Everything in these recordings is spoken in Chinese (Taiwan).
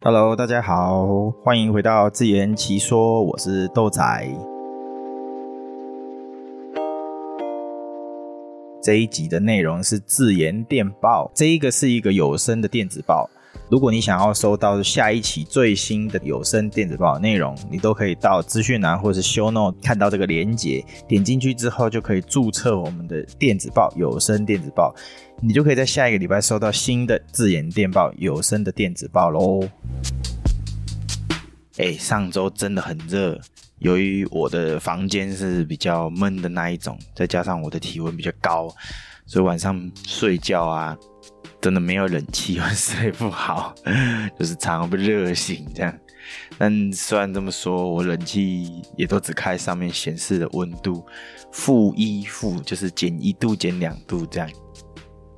Hello，大家好，歡迎回到自言其說，我是豆仔。這一集的內容是自研電報，這一個是一個有聲的電子報。如果你想要收到下一期最新的有聲電子報的內容，你都可以到資訊欄或是 ShowNote 看到這個連接，點進去之後，就可以注冊我們的電子報有聲電子報，你就可以在下一個禮拜收到新的自研電報有聲的電子報嘍。哎，上周真的很熱，由於我的房間是比較悶的那一種，再加上我的體溫比較高，所以晚上睡覺啊，真的沒有冷氣，會睡不好，就是常被熱醒這樣。但雖然這麼說，我冷氣也都只開上面顯示的溫度，負一負，就是減一度、減兩度這樣。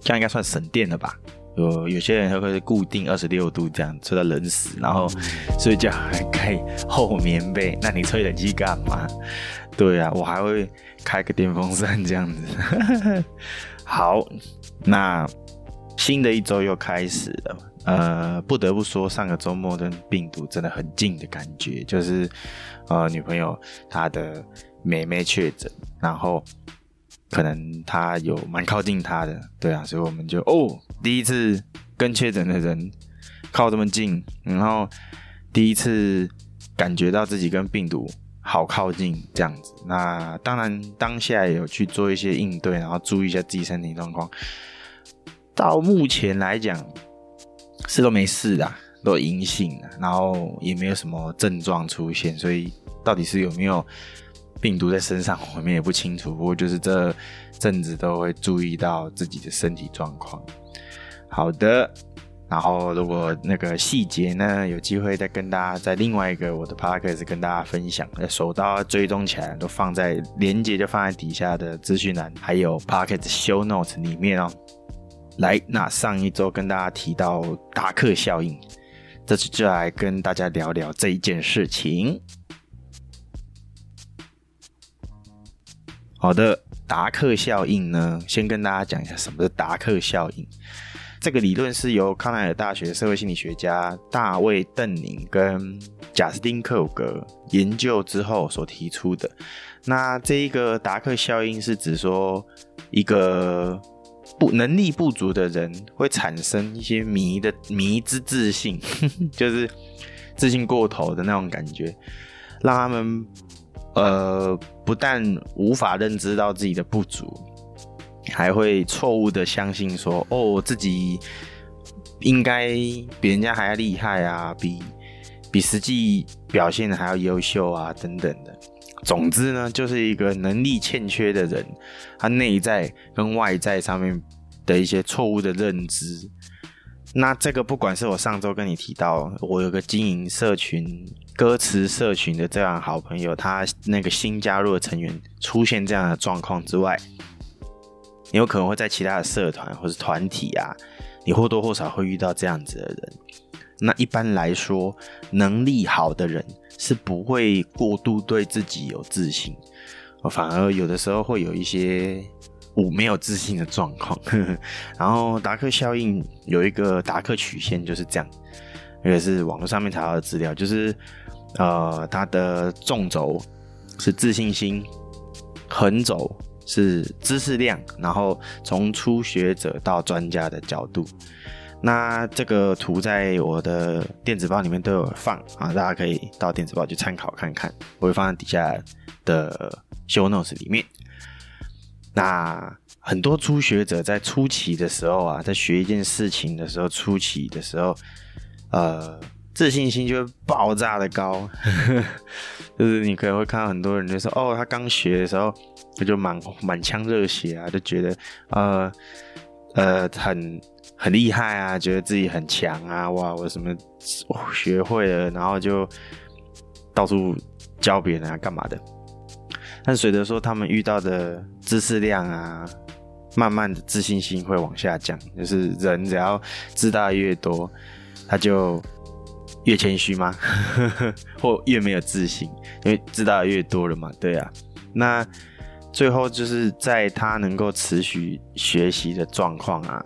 這樣應該算省電了吧？有有些人他會固定二十六度這樣，吹到冷死，然後睡覺還蓋厚棉被，那你吹冷氣幹嘛？對啊，我還會開個電風扇這樣子。 好，那。新的一週又開始了，呃，不得不說，上個周末跟病毒真的很近的感覺，就是，呃，女朋友她的妹妹確診，然後可能她有蠻靠近她的，對啊，所以我們就哦，第一次跟確診的人靠這麼近，然後第一次感覺到自己跟病毒好靠近這樣子。那當然，當下也有去做一些應對，然後注意一下自己身體狀況。到目前來講是都沒事的，都陰性的，然後也沒有什麼症狀出現，所以到底是有沒有病毒在身上，我們也不清楚。不過就是這陣子都會注意到自己的身體狀況。好的，然後如果那個細節呢，有機會再跟大家在另外一個我的 podcast 跟大家分享。那手刀追蹤起來都放在連結，就放在底下的資訊欄，還有 podcast show notes 裡面哦。來，那上一周跟大家提到達克效應，這次就來跟大家聊聊這一件事情。好的，達克效應呢，先跟大家講一下什麼是達克效應。這個理論是由康奈爾大學社會心理學家大衛·鄧寧跟賈斯汀·克魯格研究之後所提出的。那這一個達克效應是指說一個。不能力不足的人會產生一些迷的迷之自信， 就是自信過頭的那種感覺，讓他們呃不但無法認知到自己的不足，還會錯誤的相信說哦我自己應該比人家還要厲害啊，比比實際表現的還要優秀啊等等的。總之呢，就是一個能力欠缺的人，他內在跟外在上面的一些錯誤的認知。那這個，不管是我上周跟你提到，我有個經營社群歌詞社群的這樣好朋友，他那個新加入的成員出現這樣的狀況之外，你有可能會在其他的社團或是團體啊，你或多或少會遇到這樣子的人。那一般來說，能力好的人是不會過度對自己有自信，反而有的時候會有一些我、哦、沒有自信的狀況。 然後達克效應有一個達克曲線就是這樣，也是網絡上面查到的資料，就是呃，他的縱軸是自信心，橫軸是知識量，然後從初學者到專家的角度。那這個圖在我的電子報裡面都有放啊，大家可以到電子報去參考看看。我會放在底下的 show notes 裡面。那很多初學者在初期的時候啊，在學一件事情的時候，初期的時候，呃，自信心就會爆炸的高， 就是你可能會看到很多人就說，哦，他剛學的時候，他就滿滿腔熱血啊，就覺得，呃，呃，很。很厲害啊，覺得自己很強啊，哇！我什麼、哦、學會了，然後就到處教別人啊，幹嘛的？但隨着說他們遇到的知識量啊，慢慢的自信心會往下降。就是人只要知道越多，他就越謙虛嗎？ 或越沒有自信？因為知道的越多了嘛，對啊。那最後就是在他能夠持續學習的狀況啊。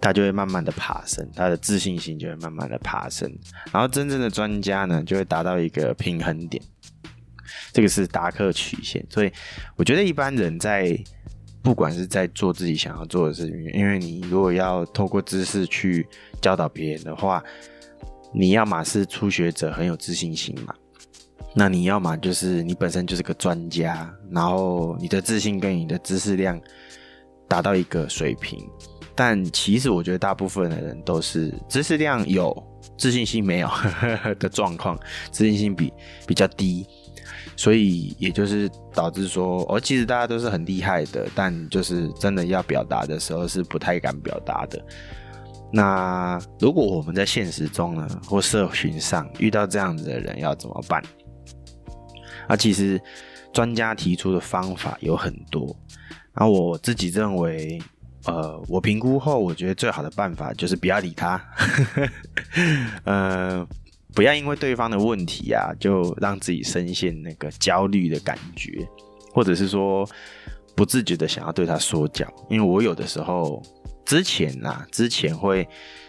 他就會慢慢的爬升，他的自信心就會慢慢的爬升，然後真正的專家呢，就會達到一個平衡點。這個是達克曲線，所以我覺得一般人在不管是在做自己想要做的事情，因為你如果要透過知識去教導別人的話，你要嘛是初學者很有自信心嘛，那你要嘛就是你本身就是個專家，然後你的自信跟你的知識量達到一個水平。但其實我覺得大部分的人都是知識量有，自信心沒有 的狀況，自信心比比較低，所以也就是導致說，哦，其實大家都是很厲害的，但就是真的要表達的時候是不太敢表達的。那如果我們在現實中呢，或社群上遇到這樣子的人要怎麼辦？啊，其實專家提出的方法有很多，那、啊、我自己認為。呃，我評估後，我覺得最好的辦法就是不要理他。 呃，不要因為對方的問題啊，就讓自己深陷那個焦慮的感覺，或者是說不自覺的想要對他說教。因為我有的時候之前啊，之前會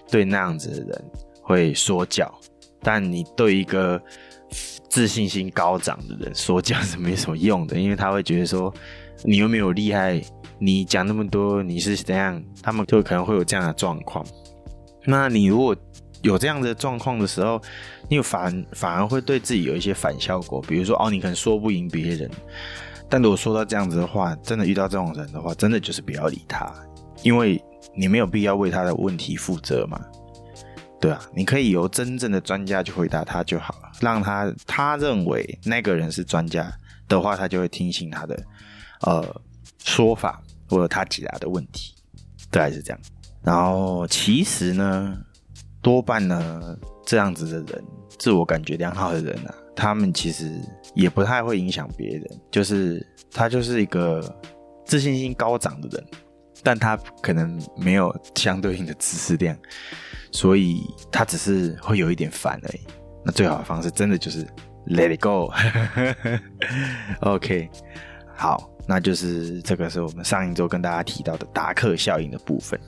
對那樣子的人會說教，但你對一個自信心高漲的人說教是沒什麼用的，因為他會覺得說。你有沒有厲害？你講那麼多，你是怎樣？他們就可能會有這樣的狀況。那你如果有這樣的狀況的時候，你反反而會對自己有一些反效果。比如說，哦，你可能說不贏別人，但如果說到這樣子的話，真的遇到這種人的話，真的就是不要理他，因為你沒有必要為他的問題負責嘛，對啊，你可以由真正的專家去回答他就好，讓他他認為那個人是專家的話，他就會聽信他的。呃，說法或者他解答的問題，都還是這樣。然後其實呢，多半呢這樣子的人，自我感覺良好的人啊，他們其實也不太會影響別人，就是他就是一個自信心高漲的人，但他可能沒有相對應的知識量，所以他只是會有一點煩而已。那最好的方式，真的就是 let it go。 OK。好，那就是這個是我們上一周跟大家提到的達克效應的部分。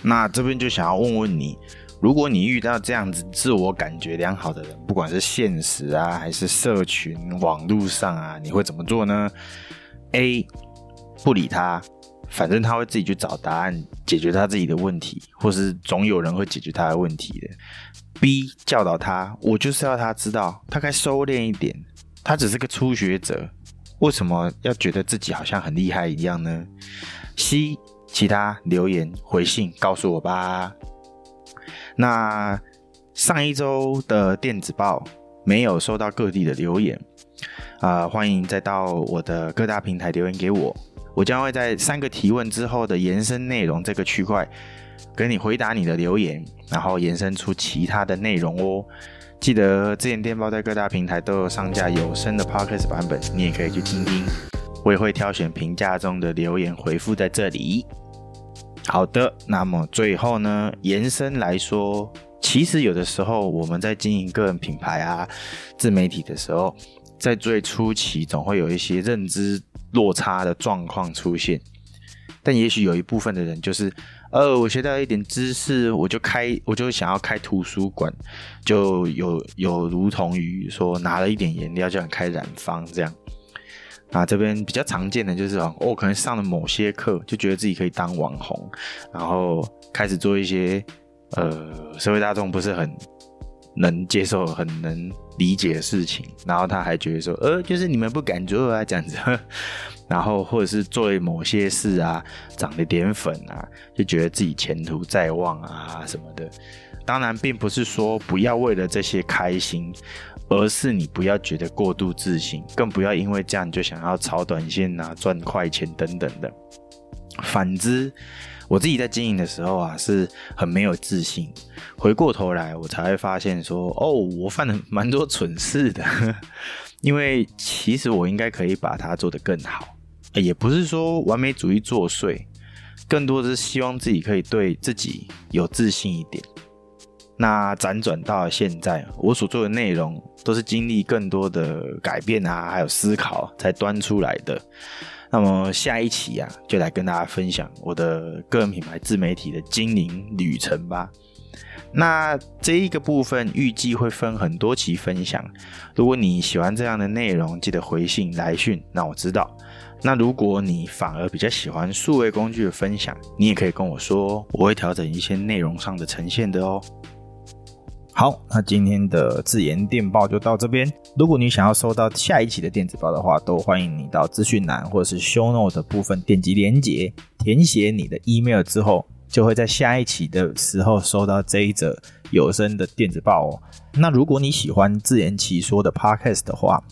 那這邊就想要問問你，如果你遇到這樣子自我感覺良好的人，不管是現實啊，還是社群網路上啊，你會怎麼做呢？A，不理他，反正他會自己去找答案，解決他自己的問題，或是總有人會解決他的問題的。B，教導他，我就是要他知道，他該收斂一點，他只是個初學者。為什麼要覺得自己好像很厲害一樣呢？七，其他，留言回信告訴我吧。那上一周的電子報沒有收到各地的留言啊、呃，歡迎再到我的各大平台留言給我，我將會在三個提問之後的延伸內容這個區塊，跟你回答你的留言，然後延伸出其他的內容哦。記得之前電報在各大平台都有上架有聲的 Podcast 版本，你也可以去聽聽。我也會挑選評價中的留言回復在這裡。好的，那麼最後呢，延伸來說，其實有的時候我們在經營個人品牌啊、自媒體的時候，在最初期總會有一些認知落差的狀況出現。但也許有一部分的人就是，呃，我學到一點知識，我就開，我就想要開圖書館，就有有如同於說拿了一點顏料就想開染坊這樣。啊，這邊比較常見的就是，哦，可能上了某些課，就覺得自己可以當網紅，然後開始做一些，呃，社會大眾不是很能接受、很能理解的事情，然後他還覺得說，呃，就是你們不敢做啊這樣子，然後或者是做某些事啊，漲了點粉啊，就覺得自己前途在望啊什麼的。當然，並不是說不要為了這些開心，而是你不要覺得過度自信，更不要因為這樣就想要炒短線啊、賺快錢等等的。反之，我自己在經營的時候啊，是很沒有自信。回過頭來，我才會發現說，哦，我犯了蠻多蠢事的呵呵。因為其實我應該可以把它做得更好，也不是說完美主義作祟，更多的是希望自己可以對自己有自信一點。那輾轉到了現在，我所做的內容都是經歷更多的改變啊，還有思考才端出來的。那麼下一期啊，就來跟大家分享我的個人品牌自媒體的經營旅程吧。那這一個部分預計會分很多期分享。如果你喜歡這樣的內容，記得回信來訊，那我知道。那如果你反而比較喜歡數位工具的分享，你也可以跟我說，我會調整一些內容上的呈現的哦。好，那今天的自研電報就到這邊。如果你想要收到下一期的電子報的話，都歡迎你到資訊欄或者是 Show Notes 的部分點擊連結，填寫你的 email 之後，就會在下一期的時候收到這一則有聲的電子報哦。那如果你喜歡自言其說的 Podcast 的話，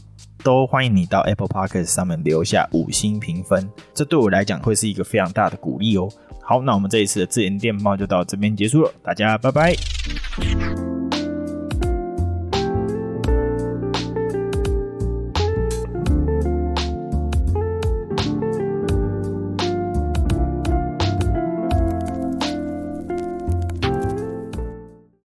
都歡迎你到 Apple Podcast 上面留下五星評分，這對我來講會是一個非常大的鼓勵哦。好，那我們這一次的自研電報就到這邊結束了，大家拜拜。